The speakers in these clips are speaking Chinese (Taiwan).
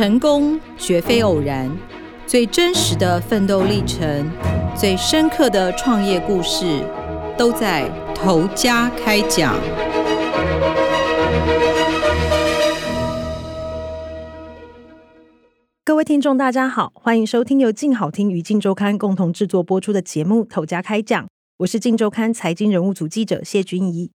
成功絕非偶然，最真實的奮鬥歷程，最深刻的創業故事，都在《頭家開講》。各位聽眾，大家好，歡迎收聽由鏡好聽與鏡週刊共同製作播出的節目《頭家開講》，我是鏡週刊財經人物組記者謝君怡。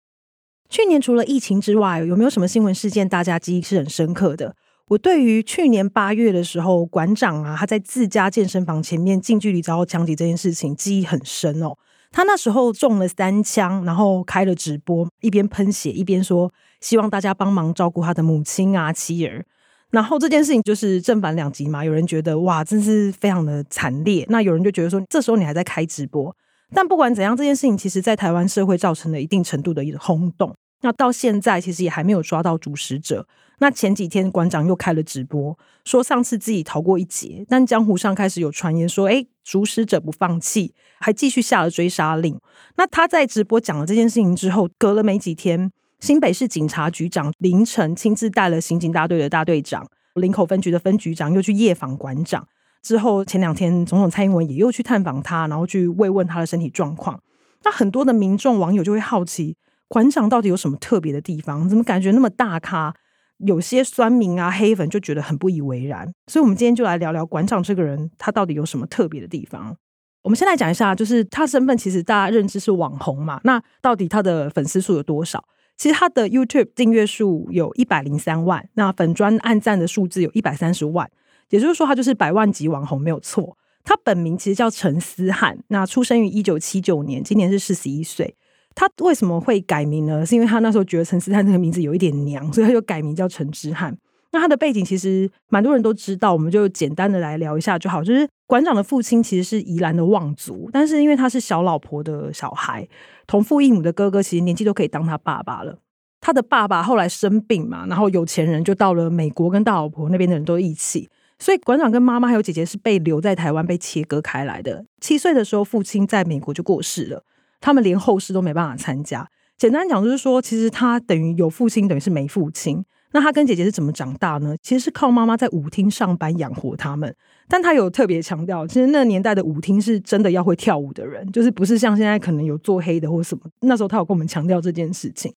去年除了疫情之外，有沒有什麼新聞事件大家記憶是很深刻的？我對於去年八月的時候，館長啊，他在自家健身房前面近距離遭到槍擊這件事情，記憶很深哦。他那時候中了三槍，然後開了直播，一邊噴血一邊說希望大家幫忙照顧他的母親啊、妻兒。然後這件事情就是正反兩極嘛，有人覺得哇，真是非常的慘烈；那有人就覺得說，這時候你還在開直播。但不管怎樣，這件事情其實在台灣社會造成了一定程度的一個轟動。那到現在其實也還沒有抓到主使者。那前幾天館長又開了直播，說上次自己逃過一劫，但江湖上開始有傳言說，誒、欸、主使者不放棄，還繼續下了追殺令。那他在直播講了這件事情之後，隔了沒幾天，新北市警察局長凌晨親自帶了刑警大隊的大隊長、林口分局的分局長，又去夜訪館長。之後前兩天，總統蔡英文也又去探訪他，然後去慰問他的身體狀況。那很多的民眾網友就會好奇，館長到底有什麼特別的地方？怎麼感覺那麼大咖？有些酸民啊、黑粉就覺得很不以為然，所以我們今天就來聊聊館長這個人，他到底有什麼特別的地方？我們先來講一下，就是他身份其實大家認知是網紅嘛，那到底他的粉絲數有多少？其實他的 YouTube 訂閱數有一百零三萬，那粉專按讚的數字有一百三十萬，也就是說他就是百萬級網紅沒有錯。他本名其實叫陳之漢，那出生於一九七九年，今年是四十一歲。他為什麼會改名呢？是因為他那時候覺得陳思翰這個名字有一點娘，所以他就改名叫陳之漢。那他的背景其實蠻多人都知道，我們就簡單的來聊一下就好。就是館長的父親其實是宜蘭的望族，但是因為他是小老婆的小孩，同父異母的哥哥其實年紀都可以當他爸爸了。他的爸爸後來生病嘛，然後有錢人就到了美國，跟大老婆那邊的人都一起，所以館長跟媽媽還有姐姐是被留在台灣被切割開來的。七歲的時候，父親在美國就過世了。他們連後事都沒辦法參加。簡單講就是說，其實他等於有父親，等於是沒父親。那他跟姐姐是怎麼長大呢？其實是靠媽媽在舞廳上班養活他們。但他有特別強調，其實那年代的舞廳是真的要會跳舞的人，就是不是像現在可能有做黑的或什麼。那時候他有跟我們強調這件事情。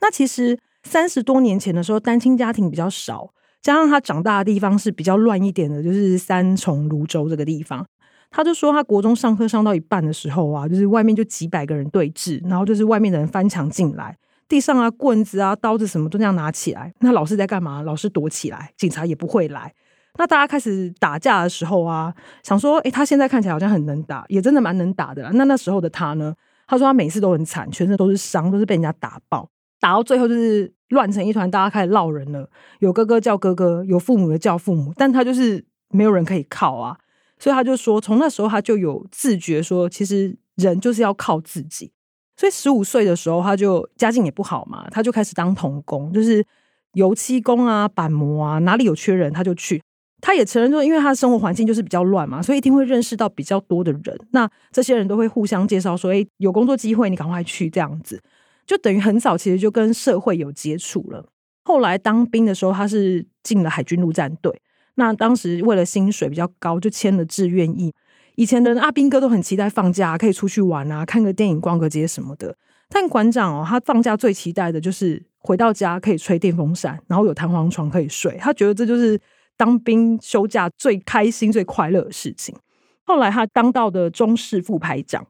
那其實三十多年前的時候，單親家庭比較少，加上他長大的地方是比較亂一點的，就是三重蘆洲這個地方。他就說，他國中上課上到一半的時候啊，就是外面就幾百個人對峙，然後就是外面的人翻牆進來，地上啊棍子啊刀子什麼都那樣拿起來。那老師在幹嘛？老師躲起來，警察也不會來。那大家開始打架的時候啊，想說，哎，他現在看起來好像很能打，也真的蠻能打的啦。那那時候的他呢？他說他每次都很慘，全身都是傷，都是被人家打爆，打到最後就是亂成一團，大家開始烙人了。有哥哥叫哥哥，有父母的叫父母，但他就是沒有人可以靠啊。所以他就說，從那時候他就有自覺說，其實人就是要靠自己。所以十五歲的時候，他就家境也不好嘛，他就開始當童工，就是油漆工啊、板模啊，哪裡有缺人他就去。他也承認說，因為他的生活環境就是比較亂嘛，所以一定會認識到比較多的人。那這些人都會互相介紹說：“誒，有工作機會，你趕快去。”這樣子就等於很早其實就跟社會有接觸了。後來當兵的時候，他是進了海軍陸戰隊。那當時為了薪水比較高，就簽了志願役。以前的阿兵、啊、哥都很期待放假，可以出去玩啊，看個電影、逛個街什麼的。但館長哦，他放假最期待的就是回到家可以吹電風扇，然後有彈簧床可以睡。他覺得這就是當兵休假最開心、最快樂的事情。後來他當到的中士副排長，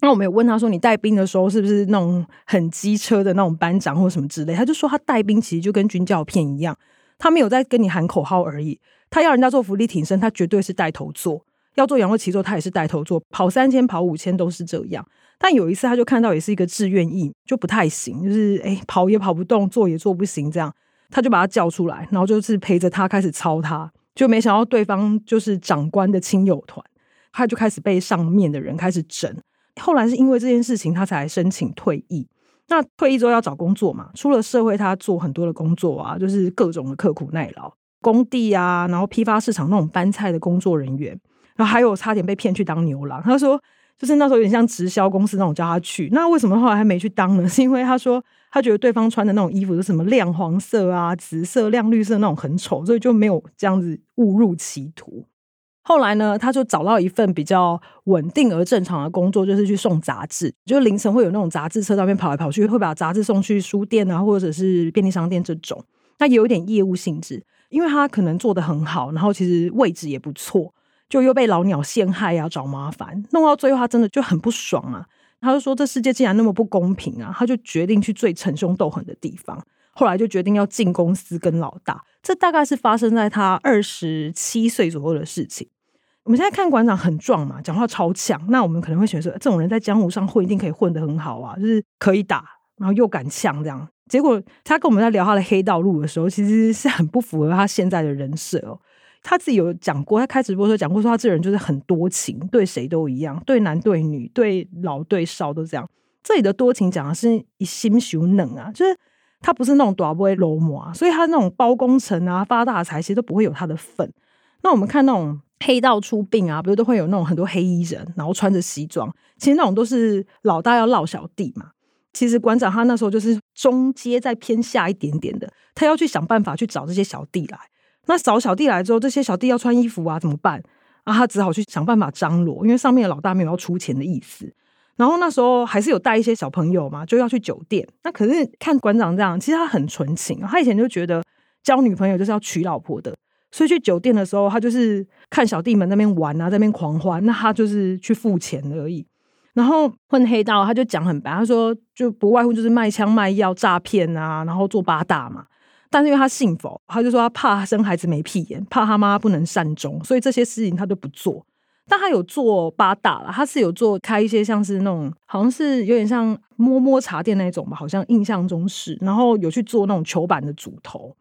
那我們有問他說：“你帶兵的時候是不是那種很機車的那種班長或什麼之類？”他就說：“他帶兵其實就跟軍教片一樣，他沒有在跟你喊口號而已。”他要人家做伏地挺身，他絕對是帶頭做；要做仰臥起坐，他也是帶頭做。跑三千、跑五千都是這樣。但有一次，他就看到也是一個志願役就不太行，就是誒、欸，跑也跑不動，做也做不行，這樣他就把他叫出來，然後就是陪着他開始操他。他就沒想到對方就是長官的親友團，他就開始被上面的人開始整。後來是因為這件事情，他才申請退役。那退役之後要找工作嘛？出了社會，他做很多的工作啊，就是各種的刻苦耐勞。工地啊，然後批發市場那種搬菜的工作人員，然後還有差點被騙去當牛郎。他說，就是那時候有點像直銷公司那種叫他去。那為什麼後來還沒去當呢？是因為他說他覺得對方穿的那種衣服是什麼亮黃色啊、紫色、亮綠色那種很醜，所以就沒有這樣子誤入歧途。後來呢，他就找到一份比較穩定而正常的工作，就是去送雜誌。就凌晨會有那種雜誌車，上面跑來跑去，會把雜誌送去書店啊，或者是便利商店這種，那也有一點業務性質。因為他可能做得很好，然後其實位置也不錯，就又被老鳥陷害啊，找麻煩，弄到最後他真的就很不爽啊。他就說：“這世界竟然那麼不公平啊！”他就決定去最逞凶鬥狠的地方。後來就決定要進公司跟老大。這大概是發生在他二十七歲左右的事情。我們現在看館長很壯嘛，講話超強，那我們可能會選擇這種人在江湖上混一定可以混得很好啊，就是可以打，然後又敢嗆這樣。結果他跟我們在聊他的黑道路的時候，其實是很不符合他現在的人設哦。他自己有講過，他開直播的時候講過，說他這個人就是很多情，對誰都一樣，對男對女，對老對少都這樣。這裡的多情講的是一心羞能啊，就是他不是那種大尾鱸鰻啊，所以他那種包工程啊，發大財，其實都不會有他的份。那我們看那種黑道出殯啊，不是都會有那種很多黑衣人，然後穿着西裝，其實那種都是老大要落小弟嘛。其實館長他那時候就是中階再偏下一點點的，他要去想辦法去找這些小弟來。那找小弟來之後，這些小弟要穿衣服啊，怎麼辦？啊，他只好去想辦法張羅，因為上面的老大沒有要出錢的意思。然後那時候還是有帶一些小朋友嘛，就要去酒店。那可是看館長這樣，其實他很純情，他以前就覺得交女朋友就是要娶老婆的。所以去酒店的時候，他就是看小弟們在那邊玩啊，在那邊狂歡，那他就是去付錢而已。然後混黑道，他就講很白，他說就不外乎就是賣槍賣藥詐騙啊，然後做八大嘛。但是因為他信佛，他就說他怕生孩子沒屁眼，怕他媽不能善終，所以這些事情他都不做。但他有做八大了，他是有做開一些像是那種好像是有點像摸摸茶店那種吧，好像印象中是。然後有去做那種球版的組頭，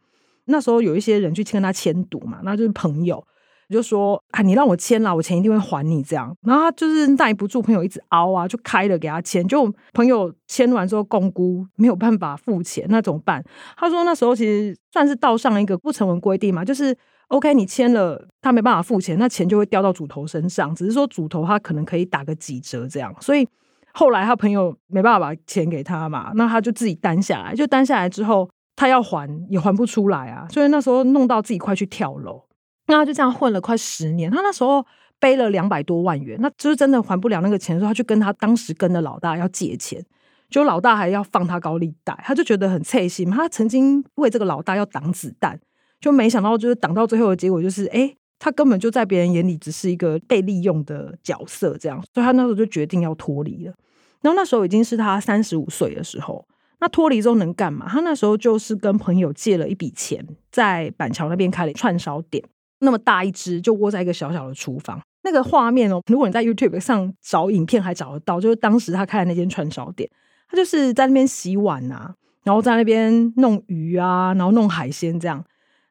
那時候有一些人去跟他簽賭嘛，那就是朋友。就說啊，你讓我簽了，我錢一定會還你這樣。然後他就是耐不住朋友一直熬啊，就開了給他簽。就朋友簽完之後辜，公估沒有辦法付錢，那怎麼辦？他說那時候其實算是道上一個不成文規定嘛，就是 OK，你簽了，他沒辦法付錢，那錢就會掉到主頭身上。只是說主頭他可能可以打個幾折這樣。所以後來他朋友沒辦法把錢給他嘛，那他就自己擔下來。就擔下來之後，他要還也還不出來啊，所以那時候弄到自己快去跳樓。那他就這樣混了快十年，他那時候背了兩百多萬元，那就是真的還不了那個錢。說他去跟他當時跟的老大要借錢，就老大還要放他高利貸，他就覺得很切心。他曾經為這個老大要擋子彈，就沒想到就是擋到最後的結果就是，哎、欸，他根本就在別人眼裡只是一個被利用的角色，這樣，所以他那時候就決定要脫離了。然後那時候已經是他三十五歲的時候，那脫離之後能幹嘛？他那時候就是跟朋友借了一筆錢，在板橋那邊開了串燒店。那麼大一隻，就窩在一個小小的廚房，那個畫面哦，如果你在 YouTube 上找影片，還找得到。就是當時他開的那間串燒店，他就是在那邊洗碗吶、啊，然後在那邊弄魚啊，然後弄海鮮這樣。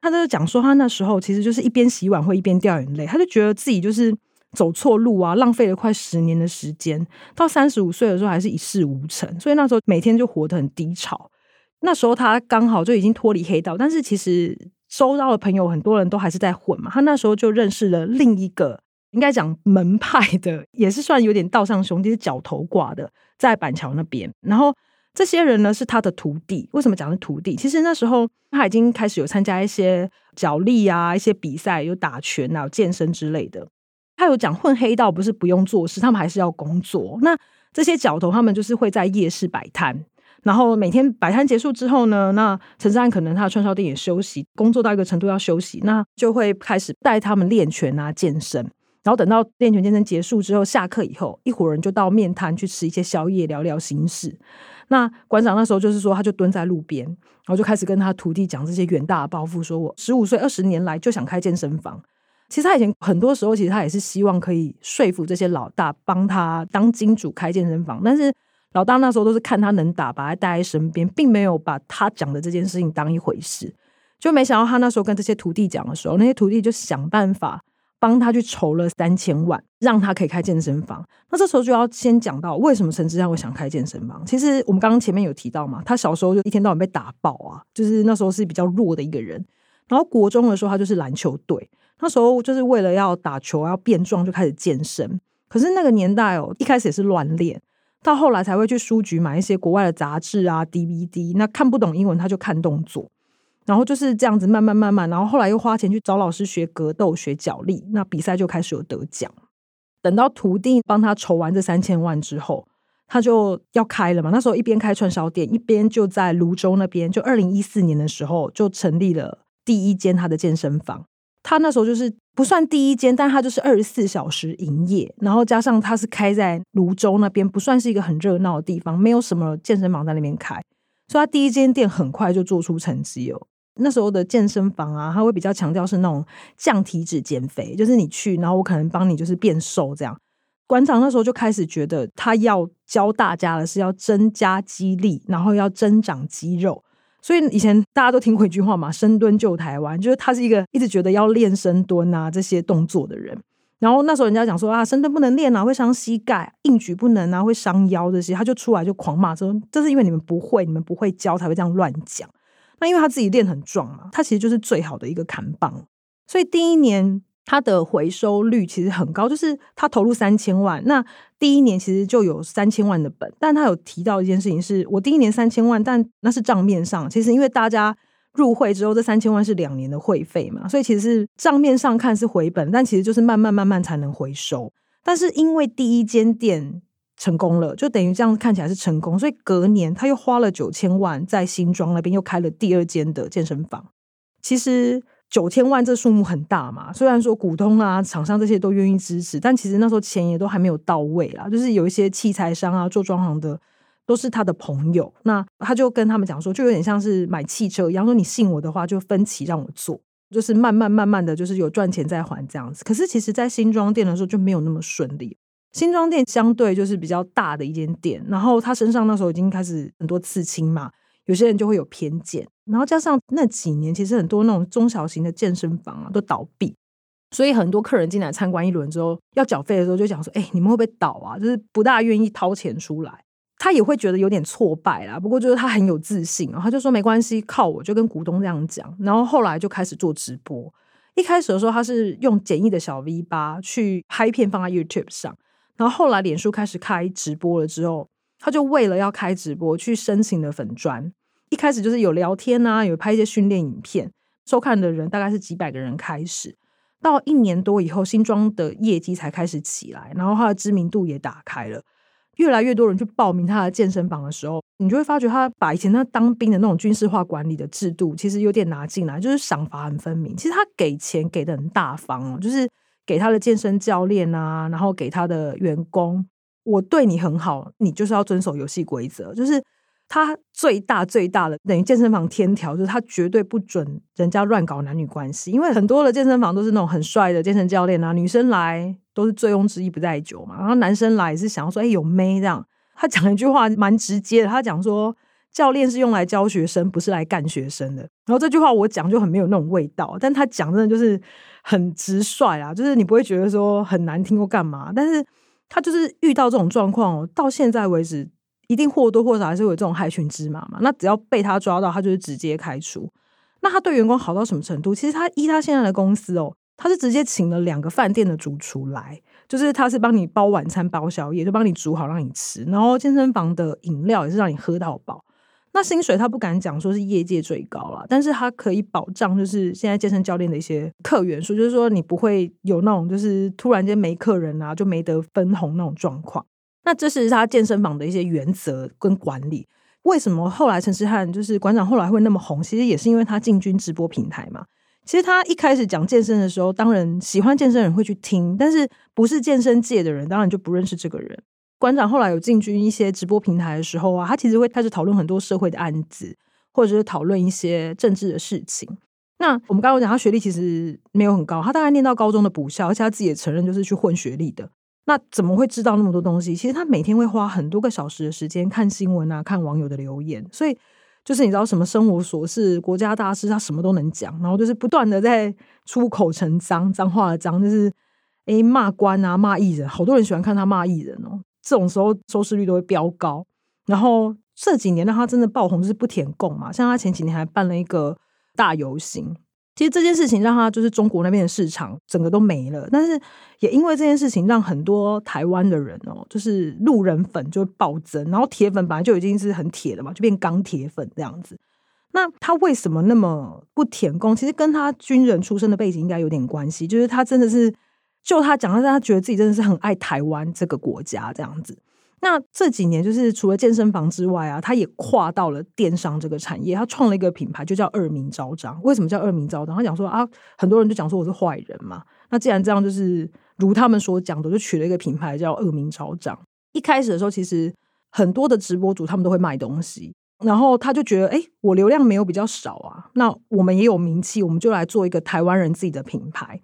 他就講說，他那時候其實就是一邊洗碗會一邊掉眼淚，他就覺得自己就是走錯路啊，浪費了快十年的時間，到三十五歲的時候還是一事無成，所以那時候每天就活得很低潮。那時候他剛好就已經脫離黑道，但是其實。收到的朋友，很多人都還是在混嘛。他那時候就認識了另一個，應該講門派的，也是算有點道上兄弟，是角頭掛的，在板橋那邊。然後這些人呢是他的徒弟。為什麼講是徒弟？其實那時候他已經開始有參加一些角力啊，一些比賽，有打拳啊，有健身之類的。他有講混黑道不是不用做事，他們還是要工作。那這些角頭他們就是會在夜市擺攤。然後每天擺攤結束之後呢，那陳山可能他的串燒店也休息，工作到一個程度要休息，那就會開始帶他們練拳啊、健身。然後等到練拳健身結束之後，下課以後，一夥人就到麵攤去吃一些宵夜，聊聊心事。那館長那時候就是說，他就蹲在路邊，然後就開始跟他徒弟講這些遠大的抱負，說我十五歲二十年來就想開健身房。其實他以前很多時候，其實他也是希望可以說服這些老大幫他當金主開健身房，但是。老大那時候都是看他能打，把他帶在身邊，並沒有把他講的這件事情當一回事。就沒想到他那時候跟這些徒弟講的時候，那些徒弟就想辦法幫他去籌了三千萬，讓他可以開健身房。那這時候就要先講到為什麼陳之漢會想開健身房。其實我們剛剛前面有提到嘛，他小時候就一天到晚被打爆啊，就是那時候是比較弱的一個人。然後國中的時候，他就是籃球隊，那時候就是為了要打球要變壯，就開始健身。可是那個年代哦，一開始也是亂練。到後來才會去書局買一些國外的雜誌啊，DVD。那看不懂英文，他就看動作，然後就是這樣子慢慢慢慢，然後後來又花錢去找老師學格鬥、學角力。那比賽就開始有得獎。等到徒弟幫他籌完這三千萬之後，他就要開了嘛。那時候一邊開串燒店，一邊就在蘆洲那邊，就二零一四年的時候就成立了第一間他的健身房。他那時候就是不算第一間，但他就是二十四小時營業，然後加上他是開在蘆洲那邊，不算是一個很熱鬧的地方，沒有什麼健身房在那邊開，所以他第一間店很快就做出成績哦。那時候的健身房啊，他會比較強調是那種降體脂、減肥，就是你去，然後我可能幫你就是變瘦這樣。館長那時候就開始覺得，他要教大家的是要增加肌力，然後要增長肌肉。所以以前大家都聽過一句話嘛，深蹲救台灣，就是他是一個一直覺得要練深蹲啊這些動作的人。然後那時候人家講說啊，深蹲不能練啊，會傷膝蓋；硬舉不能啊，會傷腰這些，他就出來就狂罵說，這是因為你們不會，你們不會教才會這樣亂講。那因為他自己練很壯嘛，他其實就是最好的一個看板。所以第一年。他的回收率其實很高，就是他投入三千萬，那第一年其實就有三千萬的本。但他有提到一件事情是，是我第一年三千萬，但那是賬面上，其實因為大家入會之後，這三千萬是兩年的會費嘛，所以其實是賬面上看是回本，但其實就是慢慢慢慢才能回收。但是因為第一間店成功了，就等於這樣看起來是成功，所以隔年他又花了九千萬在新莊那邊又開了第二間的健身房。其實。九千萬這數目很大嘛，雖然說股東啊、廠商這些都願意支持，但其實那時候錢也都還沒有到位啦。就是有一些器材商啊、做裝潢的，都是他的朋友，那他就跟他們講說，就有點像是買汽車一樣，說你信我的話，就分期讓我做，就是慢慢慢慢的，就是有賺錢再還這樣子。可是其實在新莊店的時候就沒有那麼順利，新莊店相對就是比較大的一間店，然後他身上那時候已經開始很多刺青嘛。有些人就會有偏見，然後加上那幾年其實很多那種中小型的健身房啊都倒閉，所以很多客人進來參觀一輪之後要繳費的時候就講說：“哎、欸，你們會不會倒啊？”就是不大願意掏錢出來，他也會覺得有點挫敗啦。不過就是他很有自信、喔，然後就說：“沒關係，靠我！”就跟股東這樣講。然後後來就開始做直播，一開始的時候他是用簡易的小 V8 去拍片放在 YouTube 上，然後後來臉書開始開直播了之後。他就為了要開直播去申請了粉專，一開始就是有聊天啊，有拍一些訓練影片，收看的人大概是幾百個人開始，到一年多以後，新莊的業績才開始起來，然後他的知名度也打開了，越來越多人去報名他的健身房的時候，你就會發覺他把以前那當兵的那種軍事化管理的制度，其實有點拿進來，就是賞罰很分明。其實他給錢給得很大方，就是給他的健身教練啊，然後給他的員工，我對你很好，你就是要遵守遊戲規則。就是他最大最大的等於健身房天條，就是他絕對不准人家亂搞男女關係。因為很多的健身房都是那種很帥的健身教練啊，女生來都是醉翁之意不在酒嘛，然後男生來也是想要說“誒，有妹”這樣。他講了一句話蠻直接的，他講說：“教練是用來教學生，不是來幹學生的。”然後這句話我講就很沒有那種味道，但他講真的就是很直率啊，就是你不會覺得說很難聽或幹嘛，但是。他就是遇到這種狀況哦，到現在為止，一定或多或少還是會有這種害群之馬嘛。那只要被他抓到，他就是直接開除。那他對員工好到什麼程度？其實他依他現在的公司哦，他是直接請了兩個飯店的主廚來，就是他是幫你包晚餐、包宵夜，就幫你煮好讓你吃，然後健身房的飲料也是讓你喝到飽。那薪水他不敢講說是業界最高了，但是他可以保障，就是現在健身教練的一些客源數，就是說你不會有那種就是突然間沒客人啊，就沒得分紅那種狀況。那這是他健身房的一些原則跟管理。為什麼後來陳之漢就是館長後來會那麼紅？其實也是因為他進軍直播平台嘛。其實他一開始講健身的時候，當然喜歡健身的人會去聽，但是不是健身界的人，當然就不認識這個人。館長後來有進軍一些直播平台的時候啊，他其實會開始討論很多社會的案子，或者是討論一些政治的事情。那我們剛剛講，他學歷其實沒有很高，他大概念到高中的補校，而且他自己也承認就是去混學歷的。那怎麼會知道那麼多東西？其實他每天會花很多個小時的時間看新聞啊，看網友的留言。所以就是你知道什麼生活瑣事，是國家大事，他什麼都能講，然後就是不斷的在出口成髒，髒話的髒，就是誒罵、欸、官啊、罵藝人，好多人喜歡看他罵藝人哦，喔。這種時候收視率都會飆高，然後這幾年讓他真的爆紅就是不舔共嘛，像他前幾年還辦了一個大遊行，其實這件事情讓他就是中國那邊的市場整個都沒了，但是也因為這件事情讓很多台灣的人哦、喔，就是路人粉就會暴增，然後鐵粉本，本來就已經是很鐵了嘛，就變鋼鐵粉這樣子。那他為什麼那麼不舔共？其實跟他軍人出身的背景應該有點關係，就是他真的是。就他講，他說他覺得自己真的是很愛台灣這個國家這樣子。那這幾年，就是除了健身房之外啊，他也跨到了電商這個產業。他創了一個品牌，就叫“惡名昭彰”。為什麼叫“惡名昭彰”？他講說啊，很多人就講說我是壞人嘛。那既然這樣，就是如他們所講的，就取了一個品牌叫“惡名昭彰”。一開始的時候，其實很多的直播主他們都會賣東西，然後他就覺得，哎、欸，我流量沒有比較少啊，那我們也有名氣，我們就來做一個台灣人自己的品牌。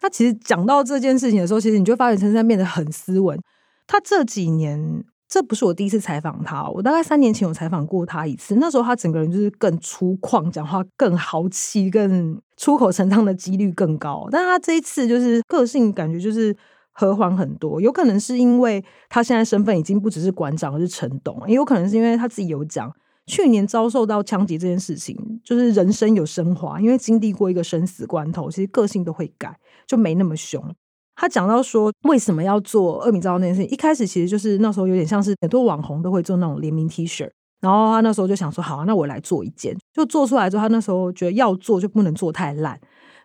他其實講到這件事情的時候，其實你就發現陳桑變得很斯文。他這幾年，這不是我第一次採訪他，我大概三年前有採訪過他一次。那時候他整個人就是更粗獷，講話更豪氣，更出口成章的幾率更高。但他這一次就是個性感覺就是和緩很多。有可能是因為他現在身份已經不只是館長，而是陳董。也有可能是因為他自己有講，去年遭受到槍擊這件事情，就是人生有升華，因為經歷過一個生死關頭，其實個性都會改。就沒那麼凶。他講到說，為什麼要做惡名昭彰那件事情？一開始其實就是那時候有點像是很多網紅都會做那種聯名 T 恤，shirt, 然後他那時候就想說，好、啊，那我來做一件。就做出來之後，他那時候覺得要做就不能做太爛，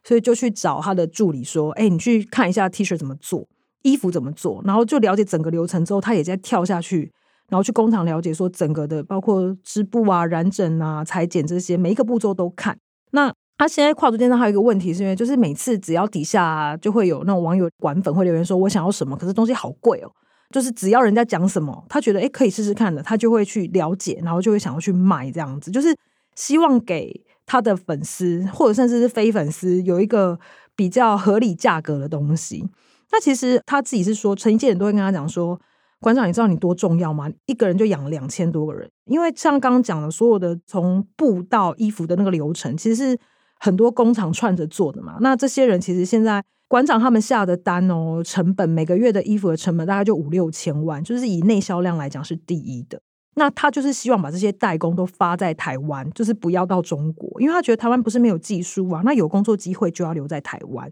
所以就去找他的助理說：“哎、欸，你去看一下 T 恤怎麼做，衣服怎麼做。”然後就了解整個流程之後，他也在跳下去，然後去工廠了解說整個的包括織布啊、染整啊、裁剪，這些每一個步驟都看。那他現在跨足電商還有一個問題，是因為就是每次只要底下、啊、就會有那種網友館粉會留言說：“我想要什麼？”可是東西好貴哦。就是只要人家講什麼，他覺得、欸、可以試試看的，他就會去了解，然後就會想要去買這樣子，就是希望給他的粉絲或者甚至是非粉絲有一個比較合理價格的東西。那其實他自己是說，成衣界人都會跟他講說：“館長，你知道你多重要嗎？一個人就養兩千多個人，因為像剛剛講的，所有的從布到衣服的那個流程，其實是。”很多工廠串着做的嘛，那這些人其實現在館長他們下的單哦，成本每個月的衣服的成本大概就五六千萬，就是以內銷量來講是第一的。那他就是希望把這些代工都發在台灣，就是不要到中國，因為他覺得台灣不是沒有技術啊，那有工作機會就要留在台灣。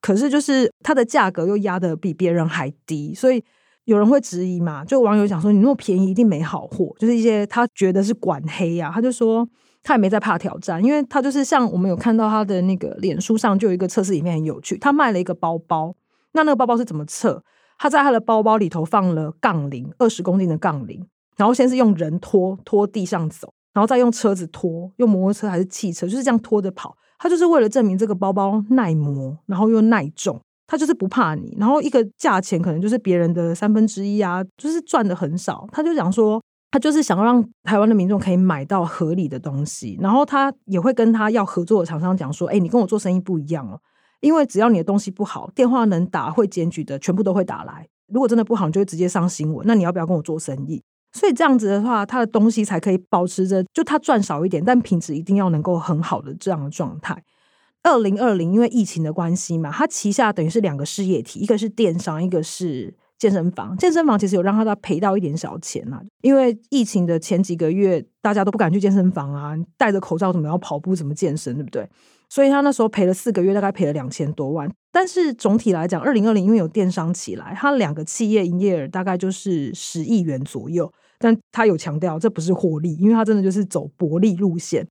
可是就是他的價格又壓得比別人還低，所以有人會質疑嘛，就網友講說，你那麼便宜一定沒好貨，就是一些他覺得是館黑呀，他就說。他也沒在怕挑戰，因為他就是像我們有看到他的那個臉書上就有一個測試，裡面很有趣。他賣了一個包包，那那個包包是怎麼測？他在他的包包裡頭放了槓鈴，二十公斤的槓鈴，然後先是用人拖拖地上走，然後再用車子拖，用摩托車還是汽車，就是這樣拖着跑。他就是為了證明這個包包耐磨，然後又耐重，他就是不怕你。然後一個價錢可能就是別人的三分之一啊，就是賺的很少。他就想說。他就是想讓台灣的民眾可以買到合理的東西，然後他也會跟他要合作的廠商講說：“誒、欸、你跟我做生意不一樣哦，因為只要你的東西不好，電話能打會檢舉的全部都會打來。如果真的不好，你就會直接上新聞。那你要不要跟我做生意？所以這樣子的話，他的東西才可以保持着，就他賺少一點，但品質一定要能夠很好的這樣的狀態。二零二零因為疫情的關係嘛，他旗下等於是兩個事業體，一個是電商，一個是。”健身房，健身房其實有讓他賠到一點小錢啊。因為疫情的前幾個月，大家都不敢去健身房啊，戴着口罩，怎麼要跑步，怎麼健身，對不對？所以他那時候賠了四個月，大概賠了兩千多萬。但是總體來講，二零二零因為有電商起來，他兩個企業營業額大概就是十億元左右。但他有強調，這不是獲利，因為他真的就是走薄利路線。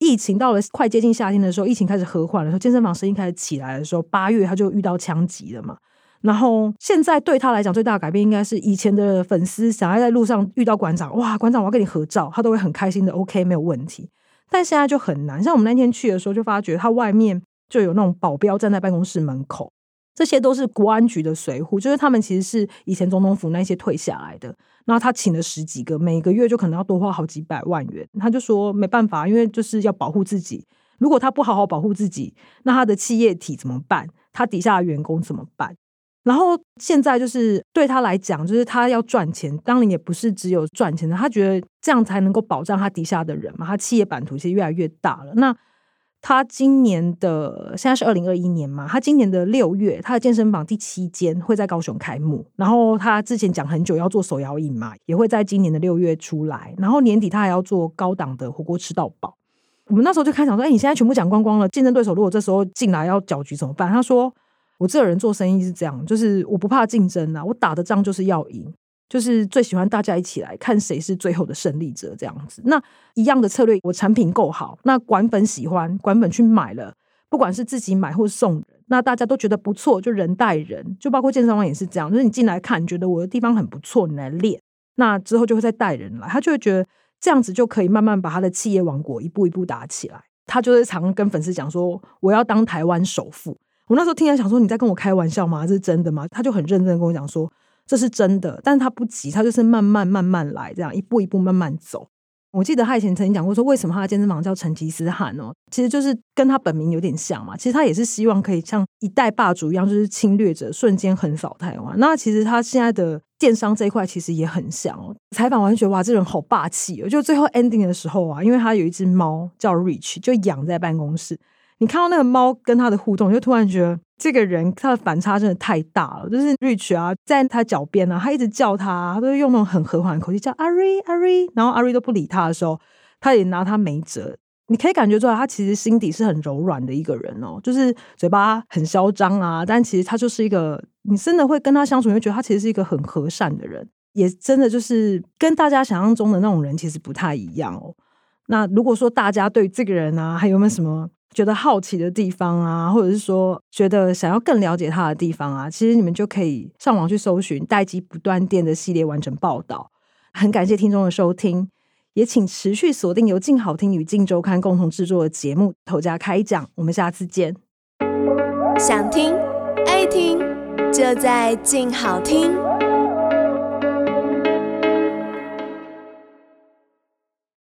疫情到了快接近夏天的時候，疫情開始和緩了，說健身房生意開始起來的時候，八月他就遇到槍擊了嘛。然後現在對他來講最大的改變應該是以前的粉絲想要在路上遇到館長，哇，館長我要跟你合照，他都會很開心的。OK，沒有問題。但現在就很難，像我們那天去的時候就發覺，他外面就有那種保鏢站在辦公室門口，這些都是國安局的隨扈，就是他們其實是以前總統府那些退下來的。那他請了十幾個，每個月就可能要多花好幾百萬元。他就說沒辦法，因為就是要保護自己。如果他不好好保護自己，那他的企業體怎麼辦？他底下的員工怎麼辦？然後現在就是對他來講，就是他要賺錢，當然也不是只有賺錢的。他覺得這樣才能夠保障他底下的人嘛。他企業版圖其實越來越大了。那他今年的現在是二零二一年嘛？他今年的六月，他的健身房第七間會在高雄開幕。然後他之前講很久要做手搖飲嘛，也會在今年的六月出來。然後年底他還要做高檔的火鍋吃到飽。我們那時候就開場說，哎，你現在全部講光光了，競爭對手如果這時候進來要攪局怎麼辦？他說。我這個人做生意是這樣，就是我不怕競爭啊，我打的仗就是要贏，就是最喜歡大家一起來看誰是最後的勝利者這樣子。那一樣的策略，我產品夠好，那館粉喜歡，館粉去買了，不管是自己買或送的，那大家都覺得不錯，就人帶人，就包括健身房也是這樣，就是你進來看，覺得我的地方很不錯，你來練，那之後就會再帶人來，他就會覺得這樣子就可以慢慢把他的企業王國一步一步打起來。他就是常跟粉絲講說，我要當台灣首富。我那時候聽他想說，你在跟我開玩笑嗎？這是真的嗎？他就很認真地跟我講說，這是真的。但是他不急，他就是慢慢慢慢來，這樣一步一步慢慢走。我記得他以前曾經講過說，為什麼他的健身房叫成吉思汗哦？其實就是跟他本名有點像嘛。其實他也是希望可以像一代霸主一樣，就是侵略者瞬間橫掃台灣。那其實他現在的電商這一塊，其實也很像哦。採訪完覺得哇，這人好霸氣哦！就最後 ending 的時候啊，因為他有一隻貓叫 Rich，就養在辦公室。你看到那個貓跟他的互動，你就突然覺得這個人他的反差真的太大了。就是 Rich 啊，在他腳邊啊，他一直叫他，他都用那種很和緩的口氣叫阿瑞阿瑞，然後阿瑞都不理他的時候，他也拿他沒轍。你可以感覺出來，他其實心底是很柔軟的一個人哦，就是嘴巴很囂張啊，但其實他就是一個你真的會跟他相處，你會覺得他其實是一個很和善的人，也真的就是跟大家想象中的那種人其實不太一樣哦。那如果說大家對這個人啊，還有沒有什麼？覺得好奇的地方啊，或者是說覺得想要更了解他的地方啊，其實你們就可以上網去搜尋《待機不斷電》的系列完整報道。很感謝聽眾的收聽，也請持續鎖定由鏡好聽與鏡週刊共同制作的節目《頭家開講》，我們下次見。想聽愛聽，就在鏡好聽。